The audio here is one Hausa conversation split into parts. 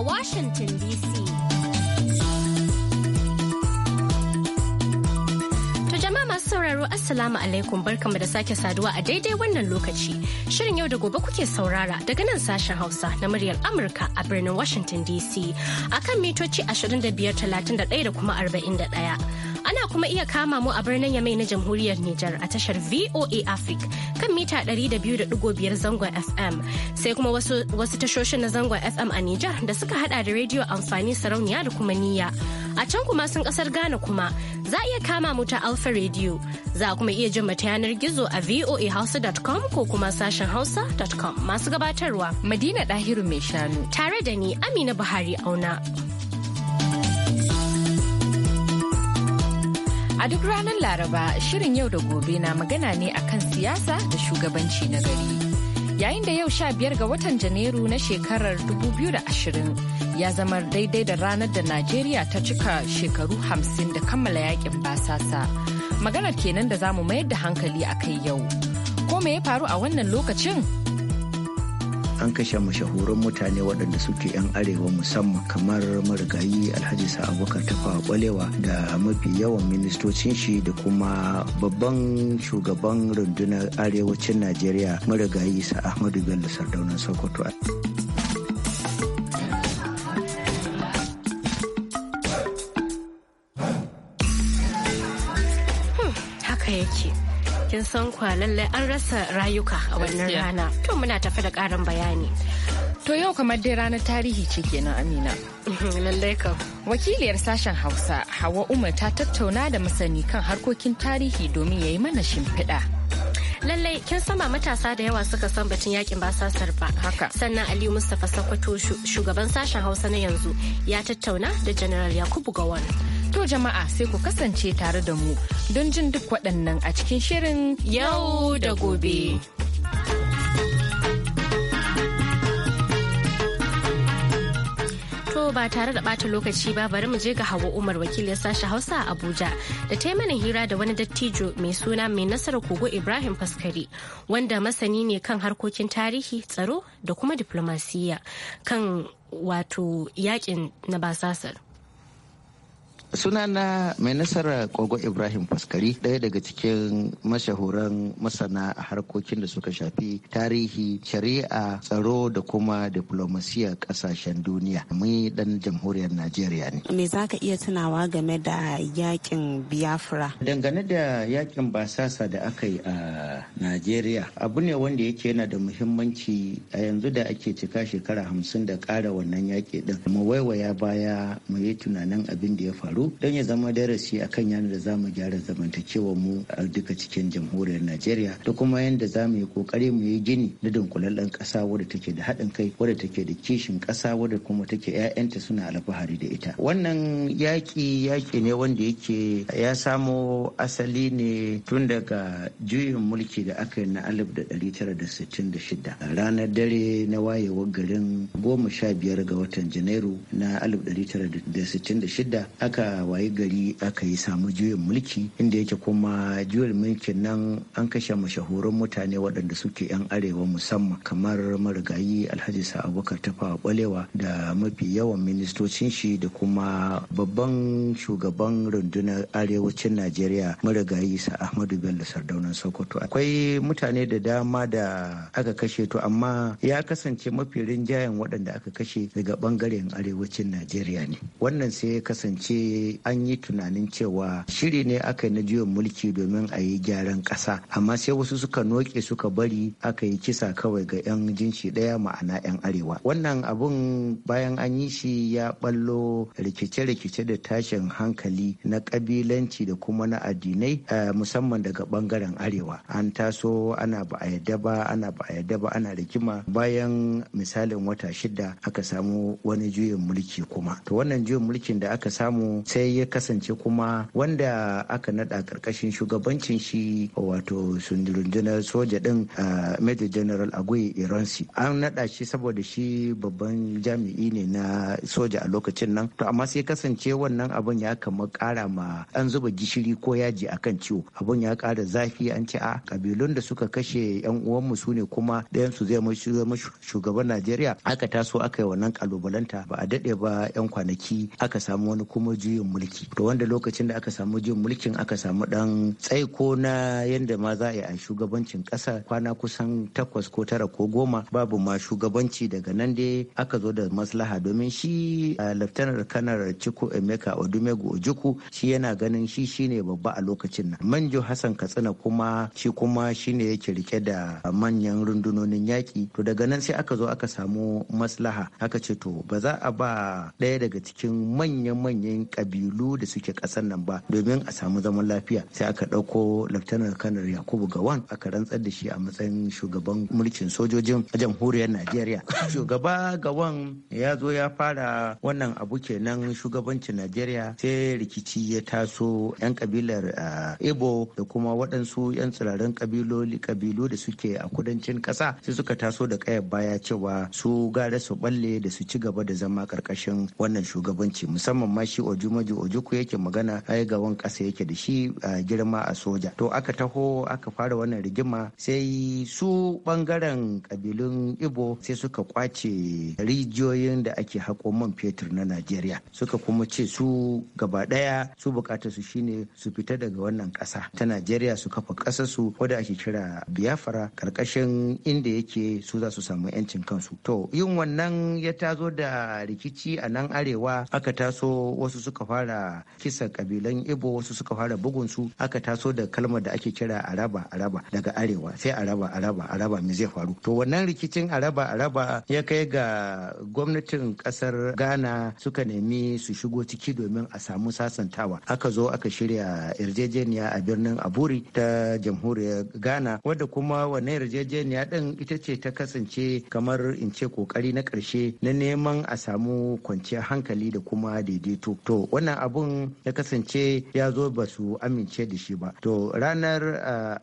a Washington DC. To jama'a masu sauraro Assalamu alaikum barkamu da sake saduwa a daidai wannan lokaci. Shirin yau da gobe kuke saurara daga nan sashen Hausa na muryar Amurka a birnin Washington DC akan mitoci 25, 31 da kuma 41. kuma iya kama mu a birnin Yamai na Jamhuriyar Nijar a tashar VOA Africa kan mita 200.5 zangon FM. Sai kuma wasu, tashoshin na zangon FM a Nijar da suka hada da rediyo amfani sarauniya da kuma niyya. A can kuma sun kasar Ghana kuma za a iya kama mu ta Alpha Radio. Za a kuma iya jin mata yanar gizo a voahausa.com ko kuma sashen hausa.com masu gabatarwa. Madina Dahiru mai shanu. Tare da ni Amina Buhari auna. A duk ranar Laraba shirin yau da gobe na magana ne akan siyasa da shugabanci na gari. Yayin da yau sha biyar ga watan Janairu na shekarar 2020 ya zama daidai da ranar da Najeriya ta cika shekaru hamsin da kammala yakin basasa. Maganar kenan da zamu mayar da hankali a kai yau. Ko me ya faru a wannan lokacin? an kashe mashahuran mutane waɗanda suke 'yan arewa musamman kamar marigayi alhaji abubakar tafa kwalewa da mafi yawan ministocin shi da kuma babban shugaban rundunar arewacin najeriya marigayi sa ahmadu bello sardaunan sokoto hmm, haka yake kin san kwa lallai an rasa rayuka a wannan rana to muna tafi da karin bayani to yau kamar dai ranar tarihi ce kenan amina lallai kam wakiliyar sashen hausa hawa umar ta tattauna da masani kan harkokin tarihi domin ya yi mana shimfiɗa lallai kin sama matasa da yawa suka san batun yakin basasar ba haka sannan aliyu mustapha sakwato shugaban sashen hausa na yanzu ya tattauna da general yakubu gawan To jama'a sai ku kasance tare da mu don jin duk waɗannan a cikin shirin yau da gobe. To ba tare da ɓata lokaci ba bari mu je ga Hawa Umar wakilin sashi Hausa a Abuja da ta mana hira da wani dattijo mai suna mai nasarar kogo Ibrahim Faskari wanda masani ne kan harkokin tarihi tsaro da kuma diplomasiyya kan wato yakin na basasar. sunana mai nasara kogo ibrahim faskari ɗaya daga cikin mashahuran masana a harkokin da suka shafi tarihi shari'a tsaro da kuma diplomasiya ƙasashen duniya mu dan jamhuriyar najeriya ne me za ka iya tunawa game da yakin biafra dangane da yakin basasa da aka yi a najeriya abu ne wanda yake yana da muhimmanci a yanzu da ake cika shekara hamsin da ƙara wannan yaƙi ɗin, mu waiwaya baya mu yi tunanin abin da ya faru dabaru don ya zama darasi kan yana da mu gyara zamantakewar mu a duka cikin jamhuriyar Najeriya da kuma yadda za mu yi kokari mu yi gini na dunkulallen ƙasa wadda take da haɗin kai wadda take da kishin ƙasa wadda kuma take 'ya'yanta suna alfahari da ita wannan yaƙi yaƙi ne wanda yake ya samo asali ne tun daga juyin mulki da aka yi na alif da da da tara sittin shida ranar dare na wayewar garin goma sha biyar ga watan janairu na alif tara da da sittin shida aka waye wayi gari aka yi samu juyin mulki inda yake kuma juyin mulkin nan an kashe mashahuran mutane waɗanda suke 'yan arewa musamman kamar marigayi alhaji abubakar tafawa balewa da mafi yawan ministocin shi da kuma babban shugaban rundunar arewacin najeriya marigayi sa ahmadu bello sardaunan sokoto akwai mutane da dama da aka kashe to amma ya kasance mafi rinjayen waɗanda aka kashe daga ɓangaren arewacin najeriya ne wannan sai ya kasance an yi tunanin cewa shiri ne aka yi na juyin mulki domin a yi gyaran ƙasa amma sai wasu suka noke suka bari aka yi kisa kawai ga 'yan jinshi ɗaya ma'ana 'yan arewa wannan abun bayan an yi shi ya ɓallo rikice-rikice da tashin hankali na ƙabilanci da kuma na addinai musamman daga ɓangaren arewa an taso ana ba a yadda ba ana ba a yadda ba ana rigima bayan misalin wata shida aka samu wani juyin mulki kuma to wannan juyin mulkin da aka samu sai ya kasance kuma wanda aka nada karkashin shugabancin shi wato sundurundunar soja din major general agui iransi an nada shi saboda shi babban jami'i ne na soja a lokacin nan to amma sai kasance wannan abin ya kama kara ma an zuba gishiri ko yaji akan ciwo abin ya kara zafi an ce a ah, kabilun da suka kashe yan uwanmu su ne kuma ɗayan su zai mashi shugaban najeriya aka taso aka yi wannan kalubalanta ba a daɗe ba yan kwanaki aka samu wani kuma juyi juyin mulki to wanda lokacin da aka samu juyin mulkin aka samu dan tsaiko na yadda ma za a yi a shugabancin kasa kwana kusan takwas ko tara ko goma babu ma shugabanci daga nan dai aka zo da maslaha domin shi laftanar kanar ciko emeka odumegu ojuku shi yana ganin shi shine babba a lokacin nan manjo hassan katsina kuma shi kuma shine yake rike da manyan rundunonin yaki to daga nan sai aka zo aka samu maslaha aka ce to ba za a ba ɗaya daga cikin manyan manyan kabilu da suke kasar nan ba domin a samu zaman lafiya sai aka ɗauko laftanar kanar yakubu gawan aka rantsar da shi a matsayin shugaban mulkin sojojin a jamhuriyar najeriya shugaba gawan ya zo ya fara wannan abu kenan shugabancin najeriya sai rikici ya taso 'yan kabilar ah, ibo da kuma waɗansu 'yan tsirarin kabiloli kabilu da suke a kudancin ƙasa sai suka taso da ƙayar baya cewa su gara su balle da su ci gaba da zama ƙarƙashin wannan shugabanci musamman ma shi ojuma namiji ojuku yake magana ai gawan ƙasa yake da shi a girma a soja to aka taho aka fara wannan rigima sai su bangaren kabilun ibo sai suka kwace rijiyoyin da ake haƙo man fetur na najeriya suka kuma ce su gaba ɗaya su bukatar su shine su fita daga wannan ƙasa ta najeriya su kafa ƙasar su wadda ake kira biafra karkashin inda yake su za su samu yancin kansu to yin wannan ya tazo da rikici a nan arewa aka taso wasu suka fara kisa kabilan ibo wasu suka fara bugun su aka taso da kalmar da ake kira araba araba daga arewa sai araba araba araba me zai faru to wannan rikicin araba araba ya kai ga gwamnatin kasar ghana suka nemi su shigo ciki domin a samu sasantawa aka zo aka shirya yarjejeniya a birnin aburi ta jamhuriyar ghana wadda kuma wannan yarjejeniya din ita ce ta kasance kamar in ce kokari na karshe na neman a samu kwanciyar hankali da kuma daidaito to wannan abun ya kasance ya zo ba su amince da shi ba to ranar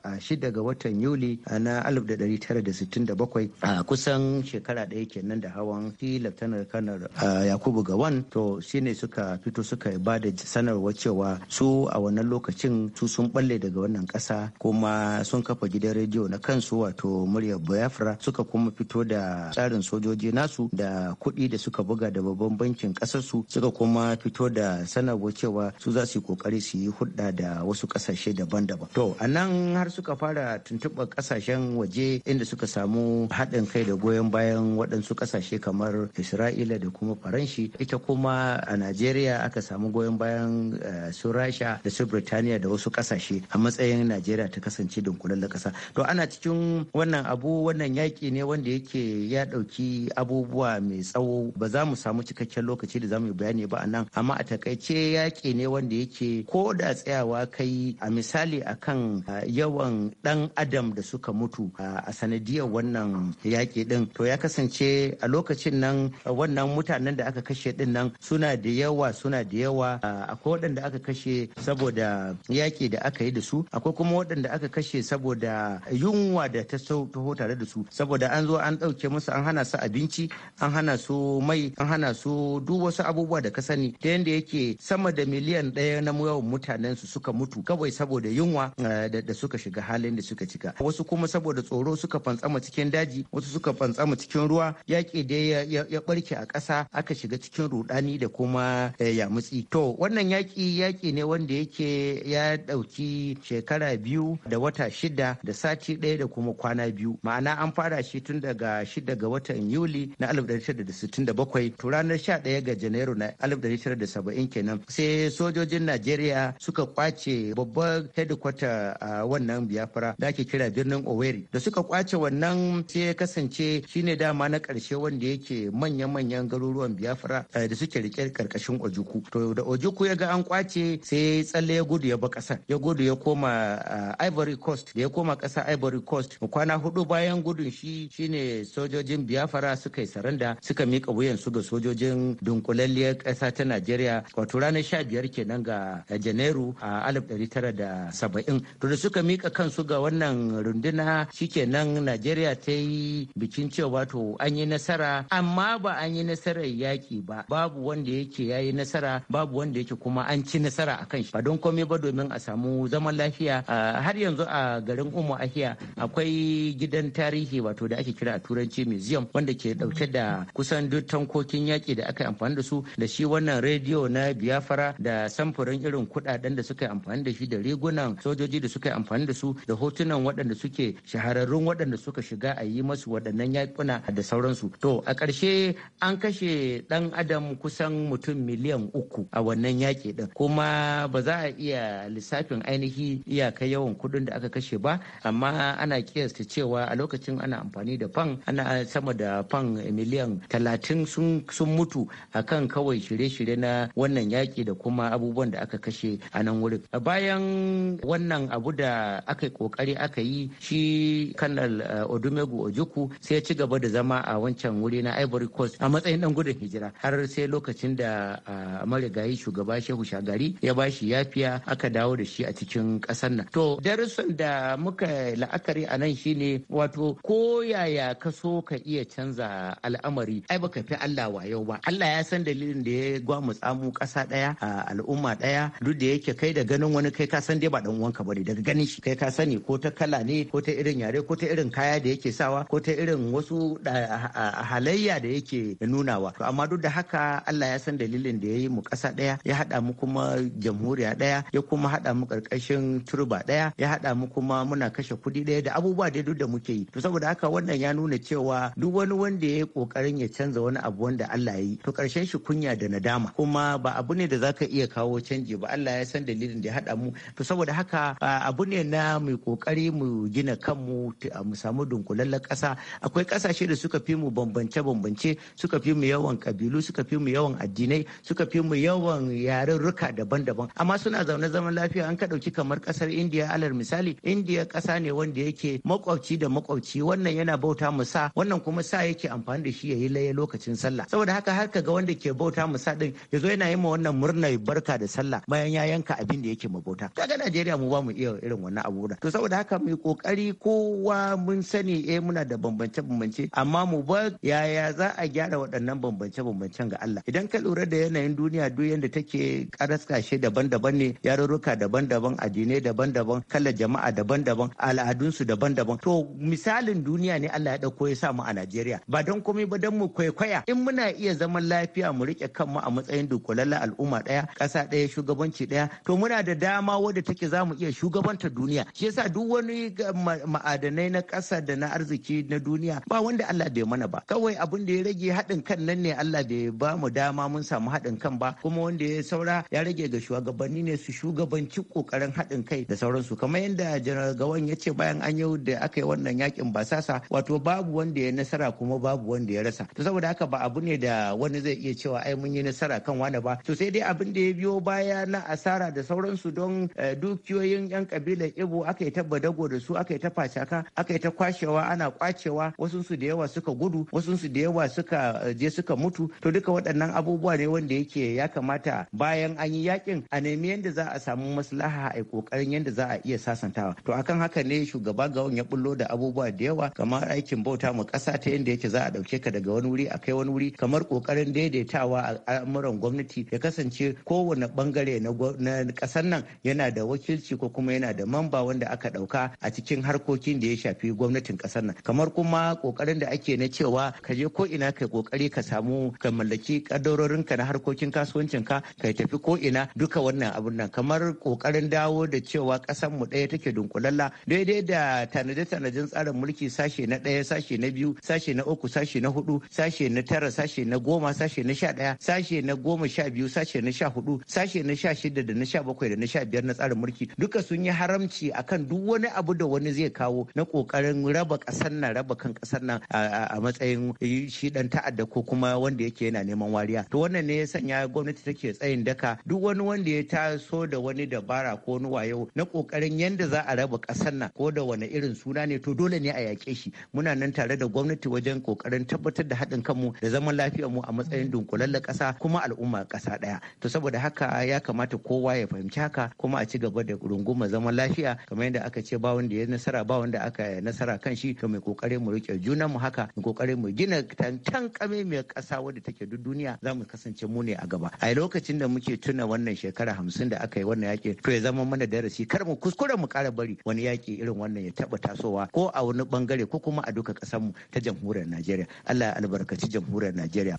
a shida ga watan yuli na 1967 a kusan shekara ɗaya kenan da hawan shi laftanar kanar yakubu gawan to shine suka fito suka ba da sanarwa cewa su a wannan lokacin su sun balle daga wannan ƙasa kuma sun kafa gidan rediyo na kansu wato muryar biafra suka kuma fito da tsarin sojoji nasu da kuɗi da suka buga da babban bankin ƙasarsu suka kuma fito da sanarwa cewa su za su yi kokari su yi hulɗa da wasu kasashe daban-daban to a nan har suka fara tuntuɓa ƙasashen waje inda suka samu haɗin kai da goyon bayan waɗansu kasashe kamar isra'ila da kuma faranshi ita kuma a najeriya aka samu goyon bayan eh, su rasha da su birtaniya da wasu kasashe a matsayin najeriya ta kasance da ƙasa to ana cikin wannan abu wannan yaƙi ne wanda yake ya ɗauki abubuwa mai tsawo ba za mu samu cikakken lokaci da za mu yi bayani ba a nan amma a takaice yaƙi ne wanda yake ko da tsayawa kai a misali akan yawan ɗan adam da suka mutu a sanadiyar wannan yaƙi ɗin to ya kasance a lokacin nan wannan mutanen da aka kashe ɗin nan suna da yawa suna da yawa akwai waɗanda aka kashe saboda yaƙi da aka yi da su akwai kuma waɗanda aka kashe saboda yunwa da ta taho tare da su saboda an zo an ɗauke musu an hana su abinci an hana su mai an hana su duk wasu abubuwa da ka sani ta yadda yake ce sama da miliyan ɗaya na yawan mutanen su suka mutu kawai saboda yunwa eh, da suka shiga halin da suka cika wasu kuma saboda tsoro suka fantsama cikin daji wasu suka fantsama cikin ruwa yaƙi dai ya barke a ƙasa aka shiga cikin rudani da kuma eh, yamutsi to wannan yaƙi yaƙi ne wanda yake ya ɗauki shekara biyu da wata shida da sati ɗaya da kuma kwana biyu ma'ana an fara shi tun daga shida ga watan yuli na 1967 to ranar 11 ga janairu na 1970 kenan sai sojojin najeriya suka kwace babbar headquarter a wannan biyafara da ake kira birnin oweri da suka kwace wannan sai ya kasance shine dama na karshe wanda yake manya-manyan garuruwan biyafara eh, da suke rike karkashin ojuku to da ojuku ya ga an kwace sai tsalle ya gudu ya ba kasar ya gudu ya koma eh, ivory coast da ya koma kasar ivory coast kwana hudu bayan gudun shi shine sojojin biafra suka yi saranda suka mika wuyan su ga sojojin dunkulalliyar kasa ta najeriya wato ranar sha biyar kenan ga janairu a alif ɗari tara da saba'in to da suka mika kansu ga wannan runduna shikenan najeriya ta yi bikin cewa wato an yi nasara amma ba an yi nasarar yaƙi ba babu wanda yake ya yi nasara babu wanda yake kuma an ci nasara a kan shi ba don komai ba domin a samu zaman lafiya har yanzu a garin umu ahiya akwai gidan tarihi wato da ake kira a turanci museum wanda ke dauke da kusan duk tankokin yaƙi da aka amfani da su da shi wannan rediyo na biafra biyafara da samfurin irin kudaden da suka yi amfani da shi da rigunan sojoji da suka yi amfani da su da hotunan waɗanda suke shahararrun waɗanda suka shiga a yi masu waɗannan yaƙuna da sauransu to a ƙarshe an kashe ɗan adam kusan mutum miliyan uku a wannan yaƙi ɗin kuma ba za a iya lissafin ainihi iyaka yawan kuɗin da aka kashe ba amma ana kiyasta cewa a lokacin ana amfani da fan ana sama da fan miliyan talatin sun mutu akan kawai shirye-shirye na wannan wannan yaƙi da kuma abubuwan da aka kashe a nan wurin bayan wannan abu da aka kokari aka yi shi kanal eh, odumegu ojuku sai ya ci gaba da zama a wancan wuri na ivory coast a matsayin dan gudun hijira har sai lokacin da eh, marigayi shugaba shehu shagari ya ba shi yafiya aka dawo da shi a cikin ƙasar nan to darussan da muka la'akari a nan shine wato ko yaya ka so ka iya canza al'amari ai baka fi Allah wayo ba Allah ya san dalilin da ya gwamutsa mu ƙasa Kasa ɗaya a al'umma daya duk da yake kai da ganin wani kai ka san dai ba dan uwanka bane daga ganin shi kai ka sani ko ta kala ne ko ta irin yare ko ta irin kaya da yake sawa ko ta irin wasu halayya da yake nunawa to amma duk da haka Allah ya san dalilin da yayi mu kasa ɗaya ya haɗa mu kuma jamhuriya daya ya kuma haɗa mu ƙarƙashin turba ɗaya ya haɗa mu kuma muna kashe kudi ɗaya da abubuwa da duk da muke yi to saboda haka wannan ya nuna cewa duk wani wanda ya yi ƙoƙarin ya canza wani abu wanda Allah ya yi to karshen shi kunya da nadama kuma ba abu ne da zaka iya kawo canji ba Allah ya san dalilin da ya haɗa mu to saboda haka abu ne na mu kokari mu gina kanmu mu samu dunkulallen ƙasa akwai ƙasashe da suka fi mu bambance bambance suka fi mu yawan kabilu suka fi mu yawan addinai suka fi mu yawan yarurruka daban-daban amma suna zaune zaman lafiya an ka ɗauki kamar ƙasar indiya alal misali indiya ƙasa ne wanda yake makwabci da makwabci wannan yana bauta mu wannan kuma sa yake amfani da shi yayi laye lokacin sallah saboda haka har ka ga wanda ke bauta mu sa din yazo yana yi ma wannan murnar barka da sallah bayan ya yanka abin da yake mabota kaga Najeriya mu ba mu iya irin wannan abu to saboda haka mu kokari kowa mun sani eh muna da bambance bambance amma mu ba yaya za a gyara waɗannan bambance bambancen ga Allah idan ka lura da yanayin duniya duk yanda take karaskashe kashe daban-daban ne yarurruka daban-daban addinai daban-daban kala jama'a daban-daban al'adunsu daban-daban to misalin duniya ne Allah ya dauko ya sa mu a Najeriya ba don komai ba don mu kwaikwaya in muna iya zaman lafiya mu rike kanmu a matsayin dukulan zalla al'umma ɗaya ƙasa ɗaya shugabanci daya to muna da dama wadda take za mu iya shugabanta duniya shi yasa duk wani ma'adanai na ƙasa da na arziki na duniya ba wanda Allah bai mana ba kawai abin da ya rage haɗin kan nan ne Allah bai ba mu dama mun samu haɗin kan ba kuma wanda ya saura ya rage ga shugabanni ne su shugabanci kokarin haɗin kai da sauransu kamar yadda janar gawan ya ce bayan an yau da aka yi wannan yakin sasa wato babu wanda ya nasara kuma babu wanda ya rasa to saboda haka ba abu ne da wani zai iya cewa ai mun yi nasara kan wani ba sosai to sai dai abin da ya biyo baya na asara da sauransu don eh, dukiyoyin yan kabilar ibo aka yi ta badago da su aka yi ta facaka aka yi ta kwashewa ana kwacewa wasu su da yawa suka gudu wasu su da yawa suka eh, je suka mutu to duka waɗannan abubuwa ne wanda yake ya kamata bayan an yi yakin a nemi yadda za a samu maslaha a kokarin yadda za a iya sasantawa to akan haka ne shugaba gawan ya bullo da abubuwa da yawa kamar aikin bauta mu ƙasa ta yadda yake za a ɗauke ka daga wani wuri a kai wani wuri kamar kokarin daidaitawa a al'amuran gwamnati ya kasance kowane bangare na kasar nan yana da wakilci ko kuma yana da mamba wanda aka dauka a cikin harkokin da ya shafi gwamnatin kasar nan kamar kuma kokarin da ake na cewa ka je ko ina kai kokari ka samu ka mallaki ka na harkokin kasuwancin ka tafi ko ina duka wannan abun nan kamar kokarin dawo da cewa kasar mu ɗaya take dunkulalla daidai da tanade-tanaden tsarin mulki sashe na ɗaya sashe na biyu sashe na uku sashe na hudu sashe na tara sashe na goma sashe na sha ɗaya sashe na goma sha biyu biyu sashe na sha hudu sashe na sha shida da na sha bakwai da na sha biyar na tsarin mulki duka sun yi haramci akan duk wani abu da wani zai kawo na kokarin raba kasar nan raba kan kasar nan a matsayin shi dan ta'adda ko kuma wanda yake yana neman wariya to wannan ne ya sanya gwamnati take tsayin daka duk wani wanda ya taso da wani dabara ko wani wayo na kokarin yanda za a raba kasar nan ko da wani irin suna ne to dole ne a yaƙe shi muna nan tare da gwamnati wajen kokarin tabbatar da haɗin kanmu da zaman lafiyar mu a matsayin dunkulallen ƙasa kuma al'umma ƙasa ƙasa ɗaya to saboda haka ya kamata kowa ya fahimci haka kuma a ci gaba da runguma zaman lafiya kamar yadda aka ce ba wanda ya nasara ba wanda aka nasara kan shi to mai kokarin mu rike junan mu haka mu kokarin mu gina tantan kame mai ƙasa wadda take duk duniya za mu kasance mu ne a gaba a lokacin da muke tuna wannan shekara hamsin da aka yi wannan yaƙi to ya zama mana darasi kar mu kuskure mu kara bari wani yaƙi irin wannan ya taɓa tasowa ko a wani bangare ko kuma a duka ƙasarmu ta jamhuriyar najeriya allah ya albarkaci jamhuriyar najeriya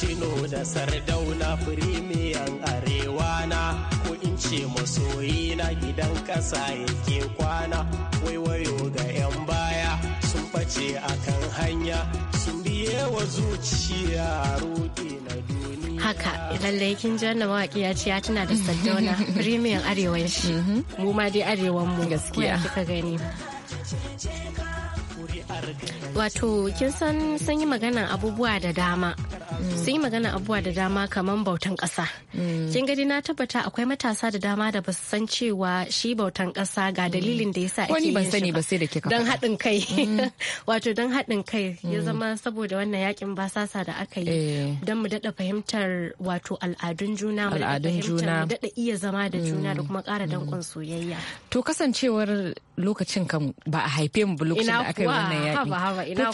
Tino da Sardauna firimiyan arewa na ko in ce masoyi na gidan ƙasa yake kwana waiwayo ga 'yan baya sun ɓace akan hanya wa zuciya roƙe na duniya. Haka lallai kin ji wannan mawaƙi ya ce ya tuna da Sardauna premium arewan shi. Mhm. Mu ma dai arewan mu. Gaskiya. Kika gani. wato kin san sun yi magana abubuwa da dama mm. sun yi magana abubuwa da dama kamar bautan ƙasa mm. kin gadi na tabbata akwai matasa da dama da basu san cewa shi bautan ƙasa ga mm. dalilin da yasa ake yin shi ba sai da kika dan haɗin kai wato don haɗin kai ya zama saboda wannan yakin basasa da aka yi eh. don mu daɗa fahimtar wato al'adun juna mu dada juna daɗa iya zama da juna da kuma ƙara danƙon soyayya to kasancewar lokacin kan ba a haife mu lokacin da aka yi wannan yaƙi. Haba haba ina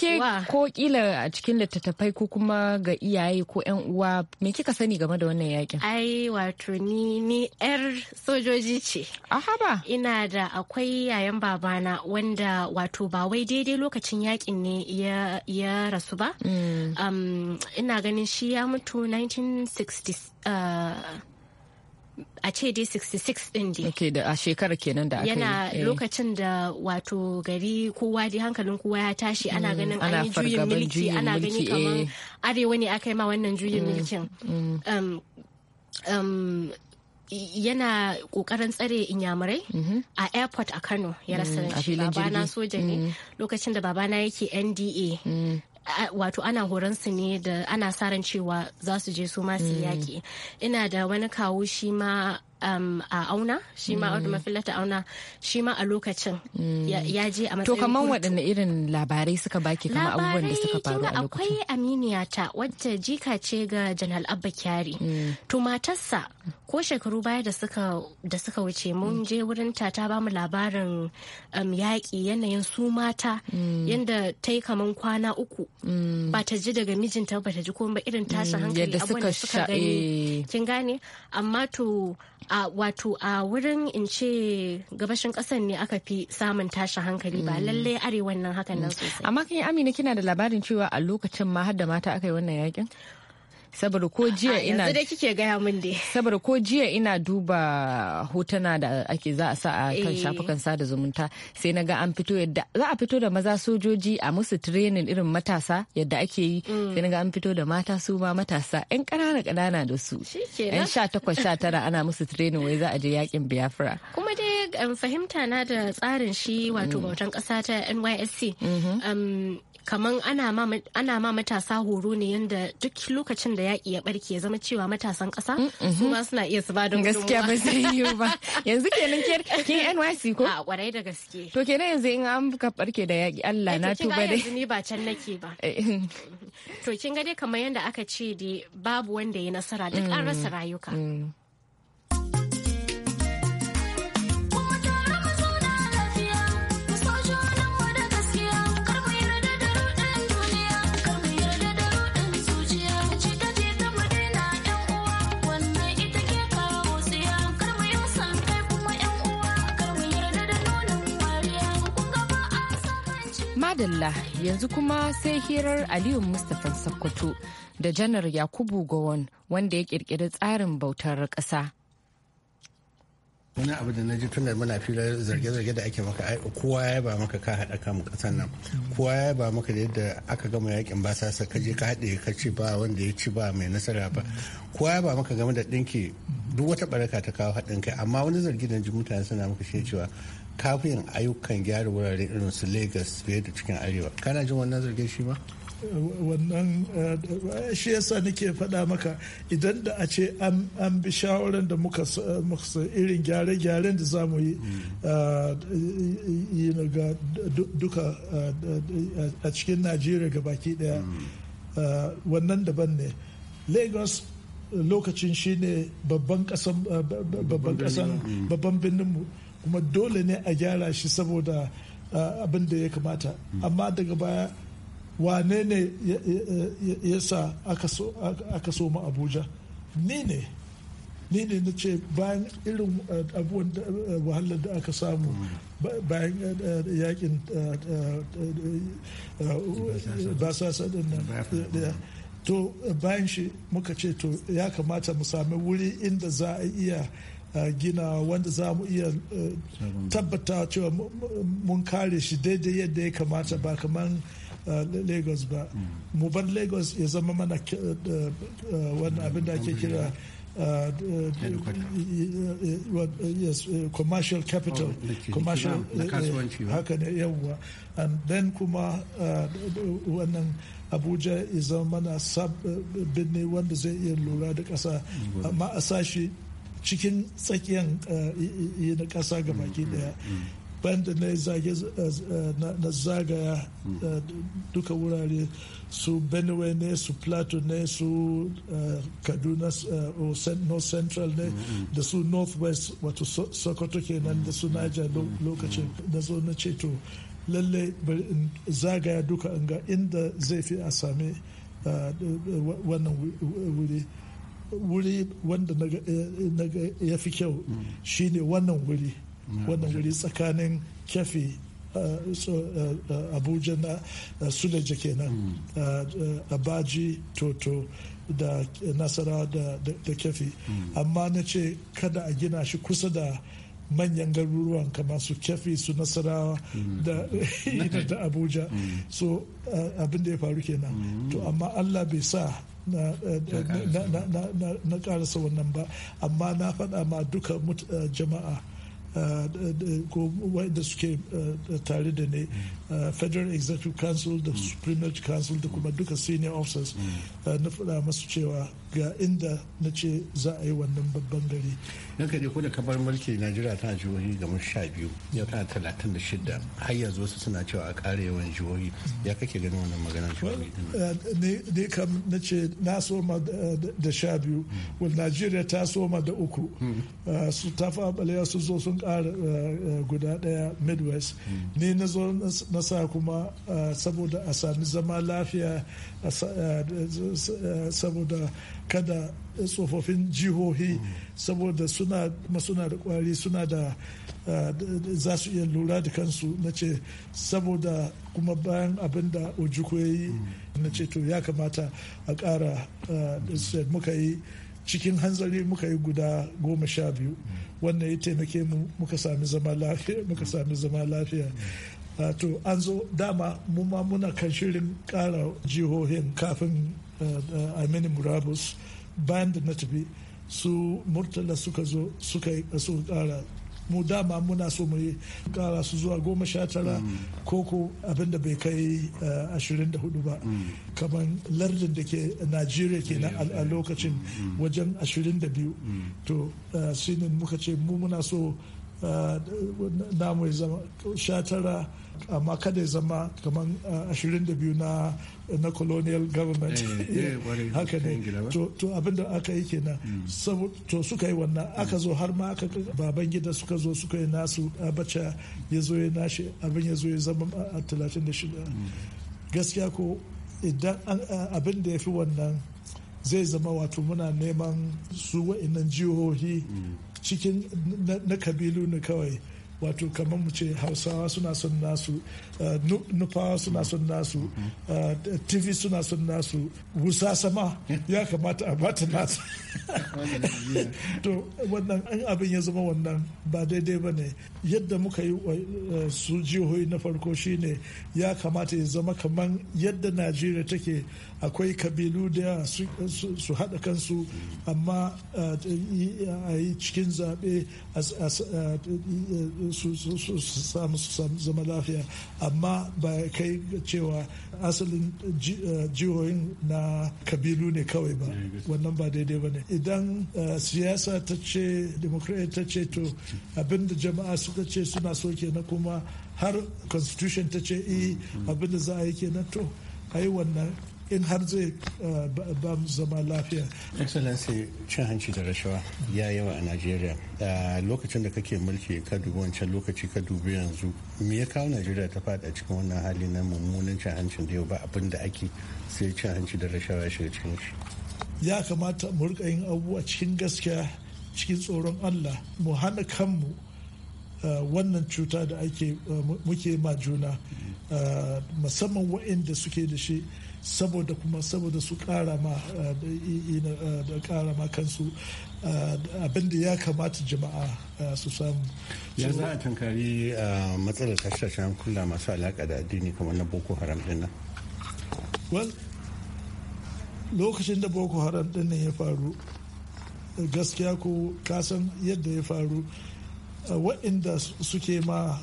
Ko kila a cikin littattafai ko kuma ga iyaye ko yan uwa me kika sani game da wannan yaƙin? Ai wato ni ni yar sojoji ce. A Ina da akwai yayan babana wanda wato ba wai daidai lokacin yaƙin ne ya rasu ba. Mm. Um, ina ganin shi ya mutu 1960. a ce dai 66 din dai okay, da a shekarar kenan da aka yana eh. lokacin da wato gari kowa dai hankalin kowa ya tashi ana mm, ganin an yi juyin mulki ana gani kamar eh. arewa ne aka yi ma wannan juyin mm, mulkin mm. Um, um, yana kokarin tsare inyamurai mm-hmm. a airport a kano ya rasa shi babana soja ne lokacin da babana yake nda wato ana horon su ne da ana sa ran cewa za su je su masu yaki mm. yaƙi ina da wani kawo shi ma um, a auna shi ma mm. mafillata auna shi ma a lokacin mm. ya je a matsayin to kaman waɗanne irin labarai suka baki kama abubuwan da suka faru a lokacin akwai aminiya ta wadda jika ce ga janal abba kyari mm. to matarsa ko shekaru baya da suka da suka wuce mun mm. je wurin ta ta bamu labarin um, yaƙi yanayin su mata mm. yanda ta yi kaman kwana uku mm. ba ta ji daga mijinta ba ta ji ko ba irin tashin hankali abubuwan da suka gani eh. kin gane amma to a wato a wurin in ce gabashin kasan ne aka fi samun tashi hankali ba mm. lallai arewan nan hakan nan mm. sosai amma kan yi amina kina da labarin cewa a lokacin ma har da mata aka yi wannan yakin saboda ko jiya ina yanzu da kike gaya min dai saboda ko jiya ina duba hotuna da ake za a sa a kan eh. shafukan sada zumunta sai na ga an fito yadda za a fito da maza sojoji a musu training irin matasa yadda ake yi mm. sai na ga an fito da mata su ma matasa yan ƙanana ƙanana da su yan sha takwas sha tara ana musu training wai za a je yakin biafra kuma dai um, fahimta na da tsarin shi wato mm. bautan kasa ta nysc mm-hmm. um, kaman ana ma matasa horo ne yadda duk lokacin da yaƙi ya barke ya zama cewa matasan ƙasa mm, mhm. su ma suna iya su bada gaskiya ba zai yiwu ba yanzu kenan ke NYC ko a kwarai da gaske to kenan yanzu in an ka barke da yaƙi Allah eh, na tuba dai yanzu ni ba can nake ba eh. to kin ga dai kamar yadda aka ce dai babu wanda ya nasara duk an rasa mm, mm. rayuka yanzu kuma sai hirar aliyu mustapha sakkwato da janar yakubu gowon wanda ya kirkiri tsarin bautar ƙasa. wani abu da na ji tunar muna filar zarge-zarge da ake maka kowa ya ba maka ka haɗa kamun ƙasar nan kowa ya ba maka da yadda aka gama yakin ba sa ka je ka haɗe ka ci ba wanda ya ci ba mai nasara ba kowa ya ba maka game da ɗinki duk wata baraka ta kawo haɗin kai amma wani zargi da ji mutane suna maka shi cewa kafin ayyukan gyara wurare irin su lagos fiye da cikin arewa kana jin wannan zargin shi ma wannan eh, shi yasa nake faɗa maka idan da a ce an bi shawarar da muka irin gyare-gyaren da zamu mu yi mm. eh, ga duka eh, a cikin najeriya ga baki daya mm. wannan daban ne lagos lokacin shi ne babban kasan babban birninmu kuma dole ne a gyara shi saboda abin da ya kamata amma daga baya wane ne ya sa aka so mu abuja ni ne ni ne na ce bayan irin abubuwan wahalar da aka samu bayan yakin basasa din nan to bayan shi muka ce to ya kamata mu sami wuri inda za a iya gina wanda za mu iya eh, tabbata cewa mun kare shi daidai yadda ya kamata ba kamar eh, lagos ba mu bar lagos ya zama mana eh, wani abin da ake kira commercial capital oh, commercial haka ne yawwa and then kuma wannan abuja ya zama mana sab birni wanda zai iya lura da ƙasa mm. amma a sashi cikin tsakiyan eh, na ƙasa ga baki daya mm, mm, mm. banda na zage eh, eh, zagaya duka wurare su benue ne su plateau ne su kaduna north central ne da su northwest wato sokoto kenan da su naja lokacin da zo na ceto lalle zagaya duka inda zai fi a sami wannan wuri wuri wanda eh, eh, ya fi kyau shine wannan wuri wannan wuri tsakanin kyafi eh, abuja na suleja kenan abaji toto da nasarawa da kyafi amma na ce kada a gina shi kusa da manyan garuruwan kamar su kyafi su nasarawa da abuja so abin ya faru kenan to amma allah bai sa na karasa eh, eh, wannan ba amma na faɗa ma duka eh, jama'a ko suke tare da ne mm. federal executive council da mm. supreme council da kuma mm. duka senior officers na faɗa masu cewa ga inda na ce za a yi wannan babban gari. Nan kaɗe ko da kabar mulki Najeriya tana jihohi ga sha biyu ya tana talatin da shida har yanzu wasu suna cewa a ƙara yawan jihohi ya kake ganin wannan maganar jihohi. Ne uh, kam na ce na soma da uh, sha biyu wani Najeriya ta soma da uku hmm. uh, su ta fa su zo sun ƙara guda ɗaya Midwest hmm. ne na zo na sa kuma saboda a sami zama lafiya saboda kada tsofaffin jihohi saboda suna kuma suna da kwari suna da ah, za su iya lura da kansu na ce saboda kuma bayan abin da ojuku ya yi na ce to ya kamata a kara. Ah, muka yi cikin hanzari muka yi guda goma sha biyu wannan ya taimake mu muka sami zama lafiya muka sami zama lafiya ah, to an zo dama mu muna kan shirin kara jihohin kafin amini uh, uh, murabus bayan da na tafi su murtala suka zo suka uh, kara mu dama muna so mu yi kara su zuwa goma sha tara mm. ko ko abinda bai kai ashirin da hudu ba mm. kamar lardin da ke najeriya ke na a lokacin mm. wajen ashirin da biyu to sinin muka ce mu muna so Eh, namu ya zama sha tara amma kada ya zama kamar eh, 22 na na colonial government eh, haka ne to abinda aka yi kenan hmm. to suka yi wannan aka zo har ma aka baban gida suka zo suka yi nasu abacha ya zo ya nashi abin ya zo ya zama a 36 hmm. gaskiya ko idan abin da ya fi wannan zai zama wato muna neman su wa'innan jihohi hmm. cikin na kabilu ne kawai wato kamar mu ce hausawa suna son nasu eh, nufawa suna son nasu eh, tv suna son nasu wusa sama ya kamata a bata nasu to wannan an abin ya zama wannan ba daidai ba ne yadda muka yi eh, su jihohi na farko shine ya kamata ya zama kamar yadda najeriya take akwai kabilu da su haɗa kansu amma uh, a yi cikin zaɓe uh, su samu zama lafiya amma ba kai cewa asalin uh, jihohin na kabilu ne kawai ba wannan ba daidai ba ne idan siyasa ta ce demokratiya ta ce to abinda jama'a suka ce suna so kenan kuma har constitution ta ce eh, abin abinda za a yi kenan to a yi wannan in har zai eh, ba mu zama lafiya. excellency cin hanci da rashawa ya yawa a najeriya eh, lokacin da kake mulki ka dubi wancan lokaci ka dubi yanzu me ya kawo najeriya ta fada cikin wannan hali na mummunan cin hancin da yau ba abin da ake sai cin hanci da rashawa shiga cikin shi ya kamata mu rika yin abubuwa cikin gaskiya cikin tsoron allah mu hana kanmu eh, wannan cuta da ake muke ma juna musamman waɗanda suke da shi saboda kuma saboda su kara eh, eh, ma kansu eh, abin da ya kamata jama'a su samu ya za a tankari matsalar tashashen kula masu alaƙa da addini kamar na boko haram dinnan well lokacin da boko haram dinnan ya faru gaskiya ko kasan yadda ya faru waɗanda suke ma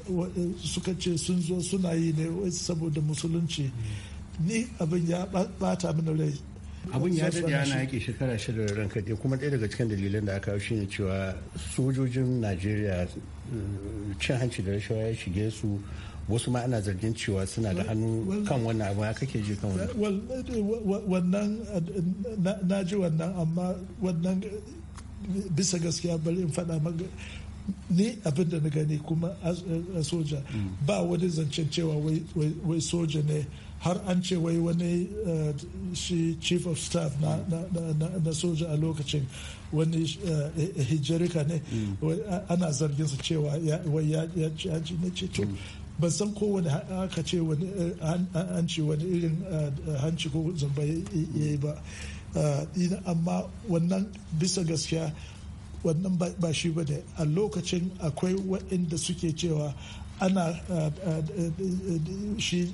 suka ce sun zo suna yi ne saboda musulunci mm. ni abin ya bata mana rai abin ya daɗe ana yaƙi shekara shida da ranka dai kuma ɗaya daga cikin dalilan da aka shine cewa sojojin najeriya eh, cin hanci da rashawa ya shige su wasu ma ana zargin cewa suna da hannu kan wannan abu ya kake ji kan wannan na ji wannan amma wannan eh, bisa gaskiya bari in faɗa ni abinda na gani kuma eh, a soja ba wani zancen cewa wai soja ne har an ce wai wani eh, shi chief of staff na soja a lokacin wani eh, hijirika ne ana zargin su cewa wai ya ci ne ce to ban san kowane aka ce wani hanci wani irin hanci ko zamba ya yi ba amma wannan bisa gaskiya wannan ba shi ba ne a lokacin akwai waɗanda suke cewa ana shi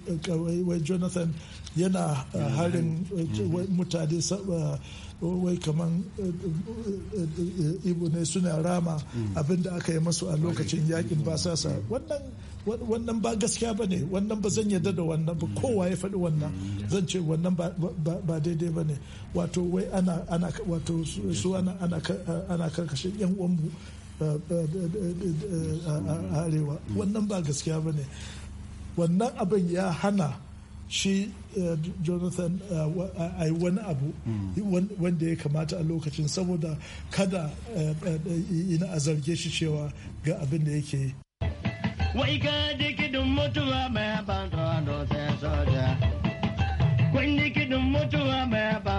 wai jonathan yana harin mm-hmm. mutane wai kaman Ibu ne suna rama mm-hmm. abinda aka yi masu a lokacin yakin basasa wannan wannan ba gaskiya ba ne wannan ba zan yarda da wannan ba kowa ya faɗi wannan zan ce wannan ba daidai ba ne wato wai ana wato su ana karkashin yan uwanmu eh, eh, eh, a arewa wannan ba gaskiya ba ne wannan abin ya hana shi jonathan a yi wani abu wanda ya kamata a lokacin saboda kada ina a zarge shi cewa ga abin da yake yi wai ka dikidin mutuwa mai ban tono sai soja kun dikidin mutuwa mai ban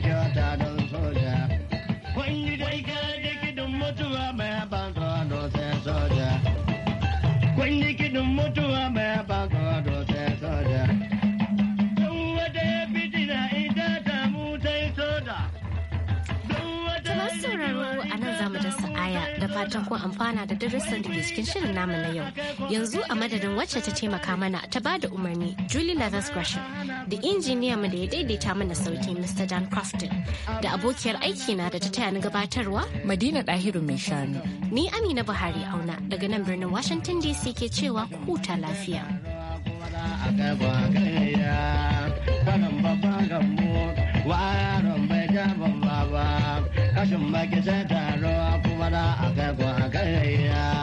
kyauta don soja. Kwanyi dai ka kidin mutuwa mai ban tsoro sai soja. Kwanyi kidin mutuwa mai fatan kun amfana da darussan da cikin shirin namu na yau. Yanzu a madadin wacce ta taimaka mana ta ba da umarni Julie Lathers Gresham da injiniya mu da ya daidaita mana sauki Mr. Dan Crofton da abokiyar aiki na da ta taya ni gabatarwa Madina Dahiru mai shanu. Ni Amina Buhari Auna daga nan birnin Washington DC ke cewa ku huta lafiya. Kashin baki sai a gago a gaya